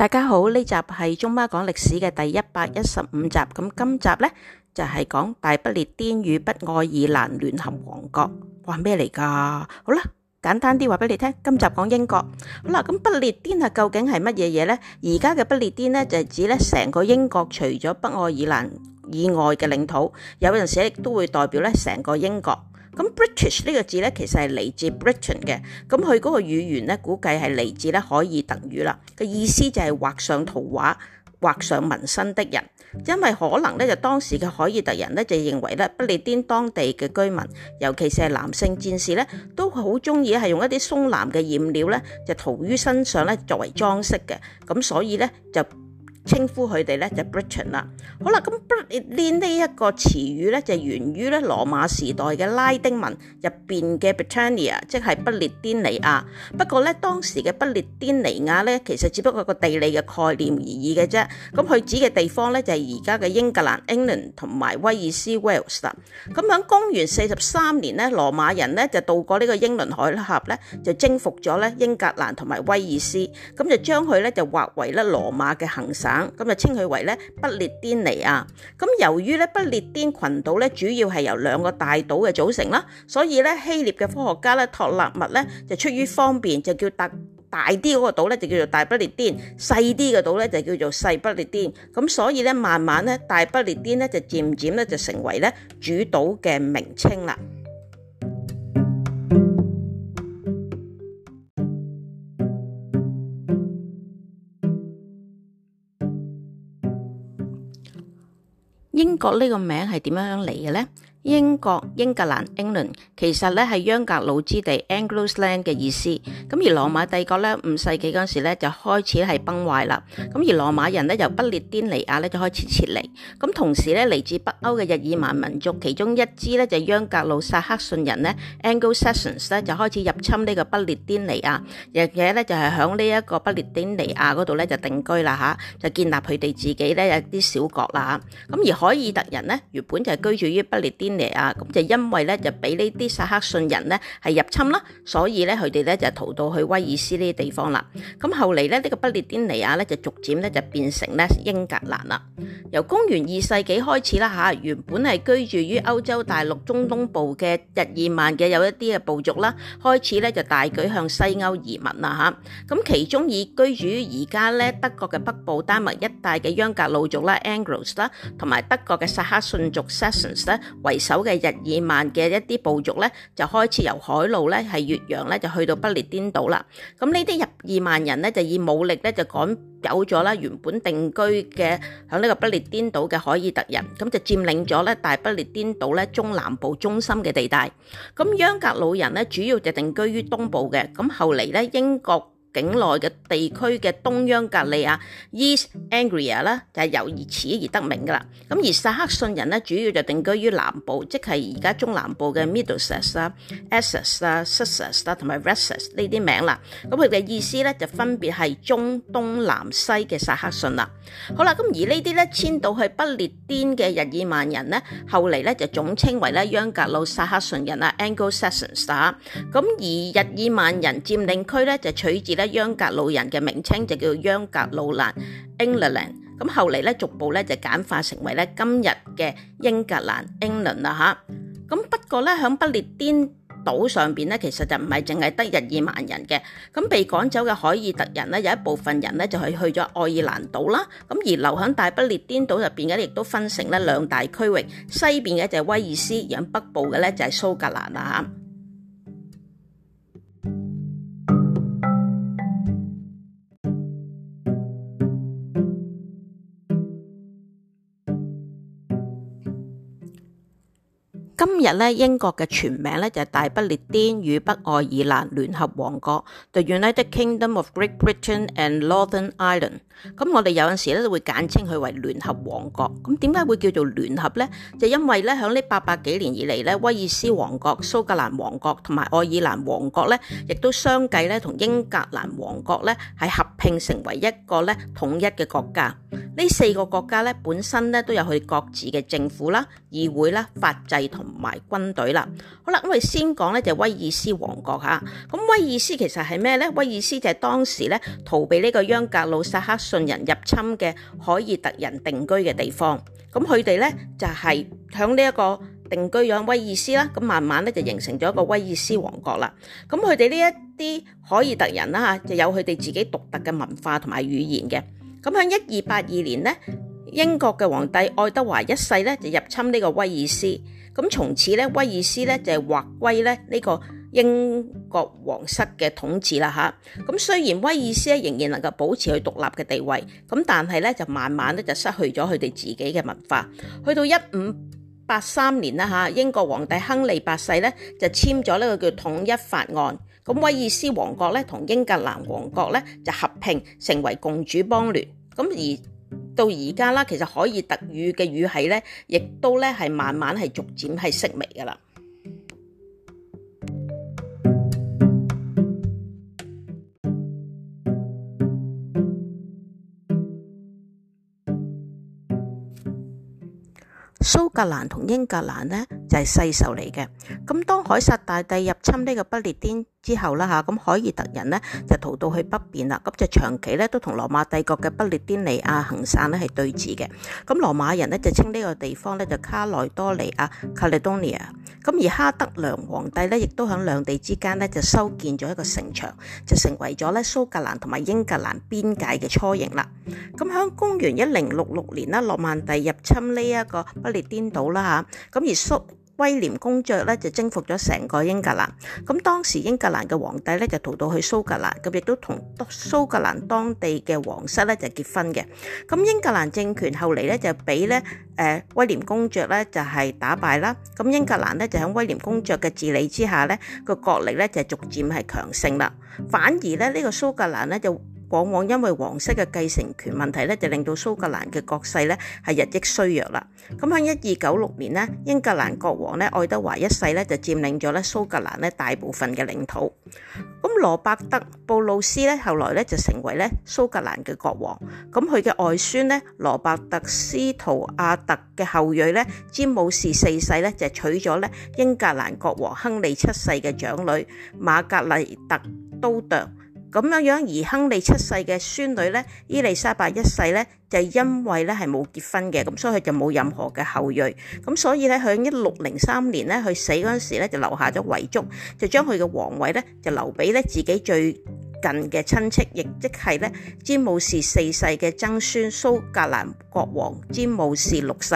大家好，呢集係中媽講歷史嘅第一百一十五集。咁今集咧就係、是、講大不列顛與北愛爾蘭聯合王國，話咩嚟噶？好啦，簡單啲話俾你聽，今集講英國。好啦，咁不列顛啊，究竟係乜嘢嘢咧？而家嘅不列顛咧就係指咧成個英國，除咗北愛爾蘭以外嘅領土，有陣時亦都會代表咧成個英國。咁 British 呢個字咧，其實係嚟自 Britain 嘅。咁佢嗰個語言咧，估計係嚟自咧凱爾特語啦。個意思就係畫上圖畫、畫上紋身的人。因為可能咧，就當時嘅凱爾特人咧，就認為咧，不列顛當地嘅居民，尤其是係男性戰士咧，都好中意係用一啲松藍嘅染料咧，就塗於身上咧作為裝飾嘅。咁所以咧就稱呼佢哋咧就 Britain 啦，好啦，咁 Britain 呢一個詞語咧就源於咧羅馬時代嘅拉丁文入邊嘅 Britannia，即係不列顛尼亞。不過咧當時嘅不列顛尼亞咧其實只不過個地理嘅概念而已嘅啫，咁佢指嘅地方咧就係而家嘅英格蘭 England 同埋威爾斯 Wales 啦。咁喺公元四十三年咧，羅馬人咧就渡過呢個英倫海峽咧，就征服咗咧英格蘭同埋威爾斯，咁就將佢咧就劃為咧羅馬嘅行省。咁就稱佢為咧不列顛尼亞，咁由於咧不列顛群島咧主要係由兩個大島嘅組成啦，所以咧希臘嘅科學家咧托勒密咧就出於方便就叫大大啲嗰個島咧就叫做大不列顛，細啲嘅島咧就叫做細不列顛，咁所以咧慢慢咧大不列顛咧就漸漸咧就成為咧主島嘅名稱啦。英國呢個名係點樣樣嚟嘅咧？英國英格蘭 England 其實咧係央格魯之地 Anglos Land 嘅意思。咁而羅馬帝國咧五世紀嗰陣時咧就開始係崩壞啦。咁而羅馬人咧由不列顛尼亞咧就開始撤離。咁同時咧嚟自北歐嘅日耳曼民族其中一支咧就係央格魯撒克遜人咧 Anglo-Saxons 咧就開始入侵呢個不列顛尼亞，日嘢咧就係響呢一個不列顛尼亞嗰度咧就定居啦嚇，就建立佢哋自己咧一啲小國啦嚇。咁而海爾特人咧原本就係居住於不列顛。啊，咁就因為咧就俾呢啲撒克遜人呢係入侵啦，所以咧佢哋咧就逃到去威爾斯呢啲地方啦。咁後嚟咧呢個不列顛尼亞咧就逐漸咧就變成咧英格蘭啦。由公元二世紀開始啦嚇，原本係居住於歐洲大陸中東部嘅日耳曼嘅有一啲嘅部族啦，開始咧就大舉向西歐移民啦嚇。咁其中以居住於而家咧德國嘅北部丹麥一帶嘅盎格魯族啦 Anglos 啦，同埋德國嘅撒克遜族 Saxons 咧為手嘅日耳曼嘅一啲部族咧，就開始由海路咧，係越洋咧，就去到不列顛島啦。咁呢啲日耳曼人咧，就以武力咧，就趕走咗啦原本定居嘅響呢個不列顛島嘅凱爾特人，咁就佔領咗咧大不列顛島咧中南部中心嘅地帶。咁盎格魯人咧，主要就定居於東部嘅。咁後嚟咧，英國。境內嘅地區嘅東央格利亞 （East a n g r i a 咧，就係由以此而得名噶啦。咁而撒克遜人咧，主要就定居於南部，即係而家中南部嘅 Middlesex 啦、e s s e s 啦、s u s s e s 啦同埋 r e s s e x 呢啲名啦。咁佢嘅意思咧，就分別係中、東南、西嘅撒克遜啦。好啦，咁而呢啲咧遷到去不列顛嘅日耳曼人咧，後嚟咧就總稱為咧央格魯撒克遜人啊 （Anglo-Saxons） 啦。咁而日耳曼人佔領區咧，就取自。央格魯人嘅名稱就叫做央格路蘭 （England），咁後嚟咧逐步咧就簡化成為咧今日嘅英格蘭 （England） 啦吓。咁不過咧響不列顛島上邊咧，其實就唔係淨係得日耳曼人嘅。咁被趕走嘅凱爾特人咧，有一部分人咧就係去咗愛爾蘭島啦。咁而留響大不列顛島入邊嘅亦都分成咧兩大區域，西邊嘅就係威爾斯，而響北部嘅咧就係蘇格蘭啦吓。今日咧，英國嘅全名咧就係大不列顛與北愛爾蘭聯合王國，就係 The United Kingdom of Great Britain and Northern Ireland。咁我哋有陣時咧都會簡稱佢為聯合王國。咁點解會叫做聯合呢？就因為咧喺呢八百幾年以嚟咧，威爾斯王國、蘇格蘭王國同埋愛爾蘭王國咧，亦都相繼咧同英格蘭王國咧係合併成為一個咧統一嘅國家。呢四個國家咧本身咧都有佢各自嘅政府啦、議會啦、法制同埋軍隊啦，好啦，我哋先講咧就係威爾斯王國嚇。咁威爾斯其實係咩咧？威爾斯就係當時咧逃避呢個央格魯薩克遜人入侵嘅凱爾特人定居嘅地方。咁佢哋咧就係響呢一個定居咗威爾斯啦。咁慢慢咧就形成咗一個威爾斯王國啦。咁佢哋呢一啲凱爾特人啦嚇，就有佢哋自己獨特嘅文化同埋語言嘅。咁喺一二八二年咧，英國嘅皇帝愛德華一世咧就入侵呢個威爾斯。咁從此咧，威爾斯咧就係劃歸呢個英國皇室嘅統治啦嚇。咁雖然威爾斯仍然能夠保持佢獨立嘅地位，咁但係呢就慢慢咧就失去咗佢哋自己嘅文化。去到一五八三年啦嚇，英國皇帝亨利八世呢就簽咗呢個叫統一法案。咁威爾斯王國呢同英格蘭王國呢就合併成為共主邦聯。咁而到而家啦，其實凱爾特語嘅語系咧，亦都咧係慢慢係逐漸係式微㗎喇。蘇格蘭同英格蘭咧就係世仇嚟嘅。咁當凱撒大帝入侵呢個不列顛。之後啦嚇，咁凱爾特人呢就逃到去北邊啦，咁就長期咧都同羅馬帝國嘅不列顛尼亞行散呢係對峙嘅。咁羅馬人呢就稱呢個地方呢就卡內多尼亞，卡利多尼亞 （Caledonia）。咁而哈德良皇帝呢亦都喺兩地之間呢就修建咗一個城牆，就成為咗呢蘇格蘭同埋英格蘭邊界嘅雛形啦。咁喺公元一零六六年啦，諾曼第入侵呢一個不列顛島啦嚇，咁而蘇。威廉公爵咧就征服咗成個英格蘭，咁當時英格蘭嘅皇帝咧就逃到去蘇格蘭，咁亦都同蘇格蘭當地嘅皇室咧就結婚嘅，咁英格蘭政權後嚟咧就俾咧誒威廉公爵咧就係打敗啦，咁英格蘭咧就喺威廉公爵嘅治理之下咧個國力咧就逐漸係強盛啦，反而咧呢個蘇格蘭咧就。往往因為皇室嘅繼承權問題咧，就令到蘇格蘭嘅國勢咧係日益衰弱啦。咁喺一二九六年呢，英格蘭國王咧愛德華一世咧就佔領咗咧蘇格蘭咧大部分嘅領土。咁羅伯特布魯斯咧後來咧就成為咧蘇格蘭嘅國王。咁佢嘅外孫咧羅伯特斯圖亞特嘅後裔咧詹姆士四世咧就娶咗咧英格蘭國王亨利七世嘅長女瑪格麗特都鐸。咁樣樣，而亨利七世嘅孫女咧，伊麗莎白一世咧，就因為咧係冇結婚嘅，咁所以佢就冇任何嘅後裔，咁所以喺佢一六零三年咧，佢死嗰陣時咧，就留下咗遺囑，就將佢嘅皇位咧，就留俾咧自己最。近嘅親戚，亦即係咧，詹姆士四世嘅曾孫，蘇格蘭國王詹姆士六世。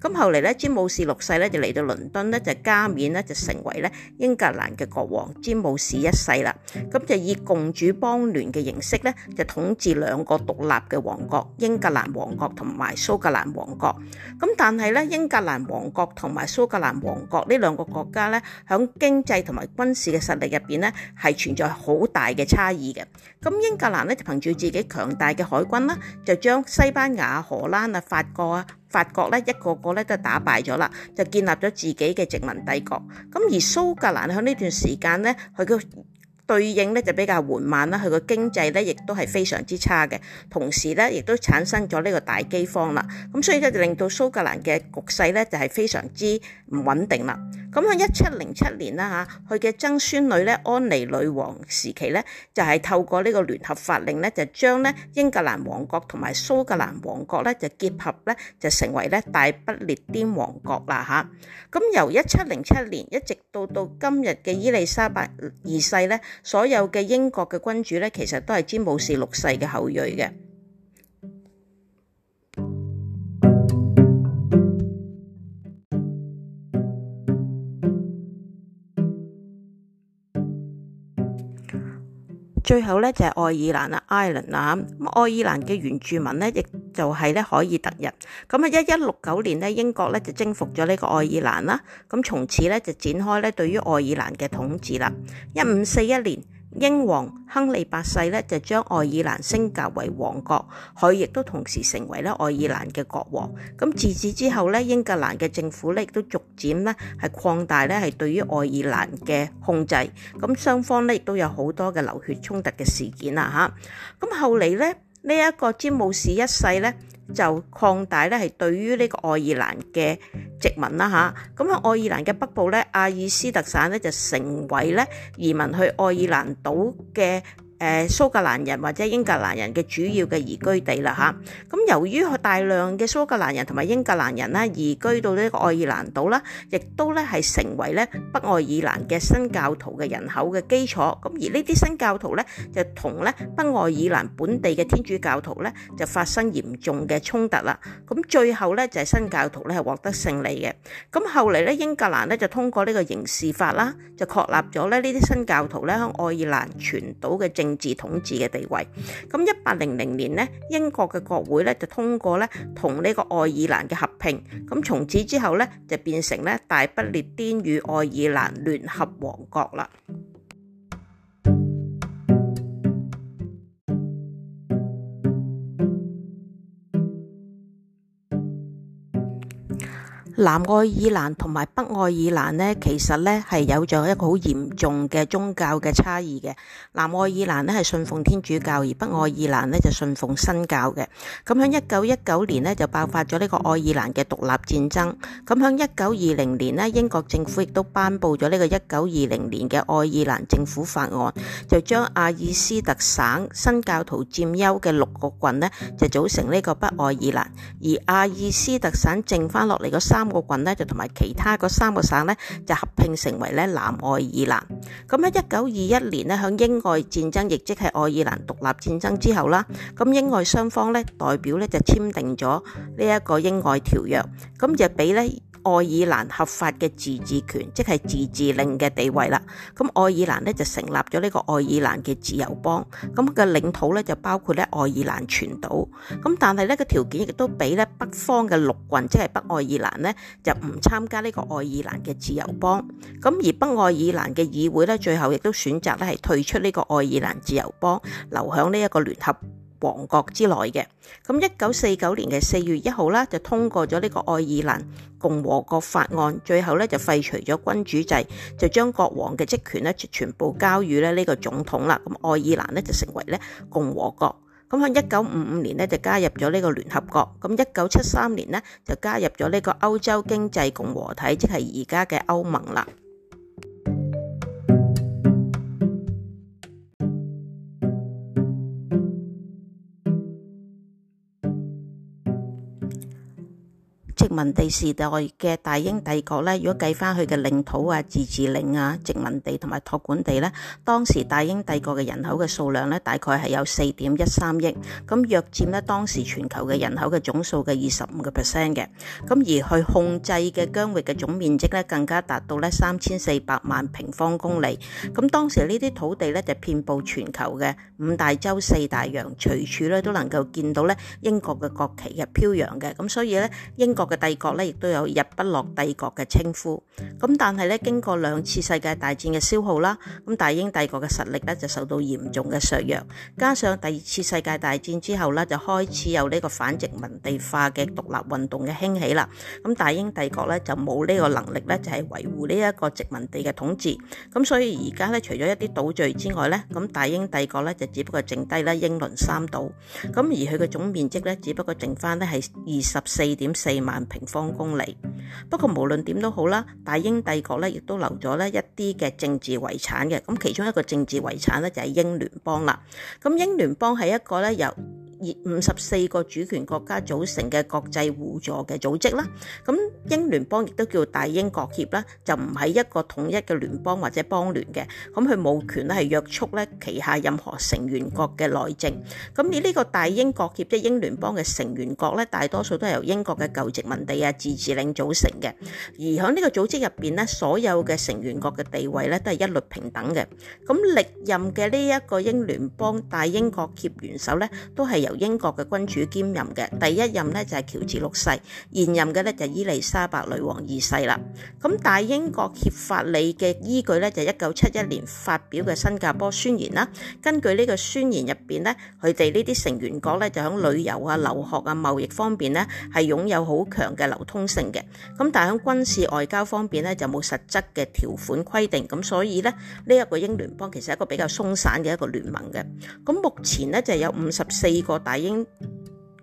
咁後嚟咧，詹姆士六世咧就嚟到倫敦咧，就加冕咧，就成為咧英格蘭嘅國王詹姆士一世啦。咁就以共主邦聯嘅形式咧，就統治兩個獨立嘅王國——英格蘭王國同埋蘇格蘭王國。咁但係咧，英格蘭王國同埋蘇格蘭王國呢兩個國家咧，喺經濟同埋軍事嘅實力入邊咧，係存在好大嘅差異。嘅，咁英格蘭咧就憑住自己強大嘅海軍啦，就將西班牙、荷蘭啊、法國啊、法國咧一個個咧都打敗咗啦，就建立咗自己嘅殖民帝國。咁而蘇格蘭喺呢段時間咧，佢嘅對應咧就比較緩慢啦，佢嘅經濟咧亦都係非常之差嘅，同時咧亦都產生咗呢個大饑荒啦。咁所以咧就令到蘇格蘭嘅局勢咧就係非常之唔穩定啦。咁喺一七零七年啦吓，佢嘅曾孫女咧，安妮女王時期咧，就係透過呢個聯合法令咧，就將咧英格蘭王國同埋蘇格蘭王國咧，就結合咧，就成為咧大不列顛王國啦吓，咁由一七零七年一直到到今日嘅伊麗莎白二世咧，所有嘅英國嘅君主咧，其實都係詹姆士六世嘅後裔嘅。最後咧就係愛爾蘭啦 Ireland 啦，咁愛爾蘭嘅原住民呢亦就係咧凱爾特人。咁啊，一一六九年咧，英國呢就征服咗呢個愛爾蘭啦。咁從此呢就展開咧對於愛爾蘭嘅統治啦。一五四一年。英王亨利八世咧就將愛爾蘭升格為王國，佢亦都同時成為咧愛爾蘭嘅國王。咁自此之後咧，英格蘭嘅政府咧亦都逐漸咧係擴大咧係對於愛爾蘭嘅控制。咁雙方咧亦都有好多嘅流血衝突嘅事件啦吓。咁後嚟咧呢一個詹姆士一世咧。就擴大咧，係對於呢個愛爾蘭嘅殖民啦吓，咁喺愛爾蘭嘅北部咧，阿爾斯特省咧就成為咧移民去愛爾蘭島嘅誒蘇格蘭人或者英格蘭人嘅主要嘅移居地啦嚇，咁由於大量嘅蘇格蘭人同埋英格蘭人呢移居到呢個愛爾蘭島啦，亦都咧係成為咧北愛爾蘭嘅新教徒嘅人口嘅基礎。咁而呢啲新教徒咧就同咧北愛爾蘭本地嘅天主教徒咧就發生嚴重嘅衝突啦。咁最後咧就係新教徒咧係獲得勝利嘅。咁後嚟咧英格蘭咧就通過呢個刑事法啦，就確立咗咧呢啲新教徒咧喺愛爾蘭全島嘅政。治統治嘅地位，咁一八零零年呢，英國嘅國會咧就通過咧同呢個愛爾蘭嘅合併，咁從此之後咧就變成咧大不列顛與愛爾蘭聯合王國啦。南愛爾蘭同埋北愛爾蘭呢，其實呢係有著一個好嚴重嘅宗教嘅差異嘅。南愛爾蘭呢係信奉天主教，而北愛爾蘭呢就信奉新教嘅。咁喺一九一九年呢，就爆發咗呢個愛爾蘭嘅獨立戰爭。咁喺一九二零年呢，英國政府亦都頒布咗呢個一九二零年嘅愛爾蘭政府法案，就將阿爾斯特省新教徒佔優嘅六個郡呢，就組成呢個北愛爾蘭，而阿爾斯特省剩翻落嚟個三個郡呢，就同埋其他個三個省呢，就合併成為咧南愛爾蘭。咁喺一九二一年呢，響英愛戰爭亦即係愛爾蘭獨立戰爭之後啦，咁英愛雙方呢，代表呢就簽訂咗呢一個英愛條約，咁就俾呢。愛爾蘭合法嘅自治權，即係自治領嘅地位啦。咁愛爾蘭咧，就成立咗呢個愛爾蘭嘅自由邦，咁個領土咧，就包括咧愛爾蘭全島。咁但係呢個條件亦都俾咧北方嘅六郡，即係北愛爾蘭咧，就唔參加呢個愛爾蘭嘅自由邦。咁而北愛爾蘭嘅議會咧，最後亦都選擇咧係退出呢個愛爾蘭自由邦，留響呢一個聯合王國之內嘅。咁，一九四九年嘅四月一號啦，就通過咗呢個愛爾蘭共和國法案，最後咧就廢除咗君主制，就將國王嘅職權咧全部交予咧呢個總統啦。咁愛爾蘭咧就成為咧共和國。咁喺一九五五年咧就加入咗呢個聯合國。咁一九七三年咧就加入咗呢個歐洲經濟共和體，即係而家嘅歐盟啦。殖民地時代嘅大英帝國咧，如果計翻佢嘅領土啊、自治領啊、殖民地同埋託管地咧，當時大英帝國嘅人口嘅數量咧，大概係有四點一三億，咁約佔咧當時全球嘅人口嘅總數嘅二十五個 percent 嘅，咁而去控制嘅疆域嘅總面積咧，更加達到咧三千四百萬平方公里，咁當時呢啲土地咧就遍佈全球嘅五大洲、四大洋，隨處咧都能夠見到咧英國嘅國旗嘅飄揚嘅，咁所以咧英國帝國咧，亦都有日不落帝國嘅稱呼。咁但係咧，經過兩次世界大戰嘅消耗啦，咁大英帝國嘅實力咧就受到嚴重嘅削弱。加上第二次世界大戰之後咧，就開始有呢個反殖民地化嘅獨立運動嘅興起啦。咁大英帝國咧就冇呢個能力咧，就係維護呢一個殖民地嘅統治。咁所以而家咧，除咗一啲島嶼之外咧，咁大英帝國咧就只不過剩低咧英倫三島。咁而佢嘅總面積咧，只不過剩翻咧係二十四點四萬。平方公里。不過無論點都好啦，大英帝國咧亦都留咗咧一啲嘅政治遺產嘅。咁其中一個政治遺產咧就係英聯邦啦。咁英聯邦係一個咧由五十四個主權國家組成嘅國際互助嘅組織啦，咁英聯邦亦都叫大英國協啦，就唔係一個統一嘅聯邦或者邦聯嘅，咁佢冇權咧係約束咧旗下任何成員國嘅內政。咁而呢個大英國協即係英聯邦嘅成員國咧，大多數都係由英國嘅舊殖民地啊、自治領組成嘅。而喺呢個組織入邊咧，所有嘅成員國嘅地位咧都係一律平等嘅。咁歷任嘅呢一個英聯邦大英國協元首咧，都係由英國嘅君主兼任嘅，第一任呢，就係喬治六世，現任嘅呢，就係伊麗莎白女王二世啦。咁大英國協法理嘅依據呢，就係一九七一年發表嘅《新加坡宣言》啦。根據呢個宣言入邊呢，佢哋呢啲成員國呢，就響旅遊啊、留學啊、貿易方面呢，係擁有好強嘅流通性嘅。咁但係響軍事外交方面呢，就冇實質嘅條款規定。咁所以呢，呢、這、一個英聯邦其實係一個比較鬆散嘅一個聯盟嘅。咁目前呢，就有五十四個。大英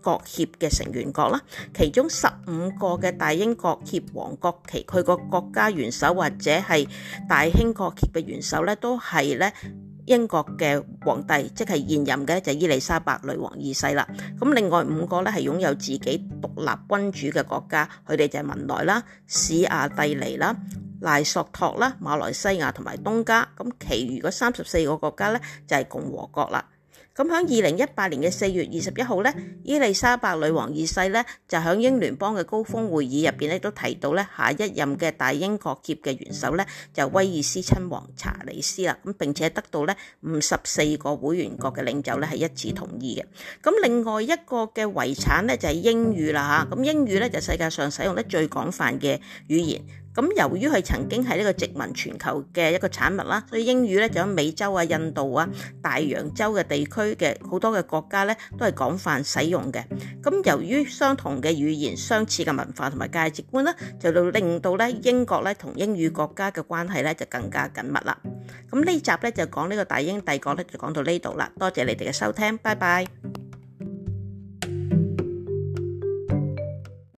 國協嘅成員國啦，其中十五個嘅大英國協王國旗，佢個國家元首或者係大英國協嘅元首咧，都係咧英國嘅皇帝，即係現任嘅就係伊麗莎白女王二世啦。咁另外五個咧係擁有自己獨立君主嘅國家，佢哋就係文萊啦、史亞蒂尼啦、賴索托啦、馬來西亞同埋東加。咁，其餘嘅三十四個國家咧就係共和國啦。咁喺二零一八年嘅四月二十一號咧，伊麗莎白女王二世咧就喺英聯邦嘅高峰會議入面呢，咧都提到咧下一任嘅大英國協嘅元首咧就威爾斯親王查理斯啦，咁並且得到咧五十四個會員國嘅領袖咧係一致同意嘅。咁另外一個嘅遺產咧就係英語啦嚇，咁英語咧就世界上使用得最廣泛嘅語言。咁由於係曾經係呢個殖民全球嘅一個產物啦，所以英語咧就喺美洲啊、印度啊、大洋洲嘅地區嘅好多嘅國家咧都係廣泛使用嘅。咁由於相同嘅語言、相似嘅文化同埋價值觀啦，就令到咧英國咧同英語國家嘅關係咧就更加緊密啦。咁呢集咧就講呢個大英帝國咧就講到呢度啦。多謝你哋嘅收聽，拜拜。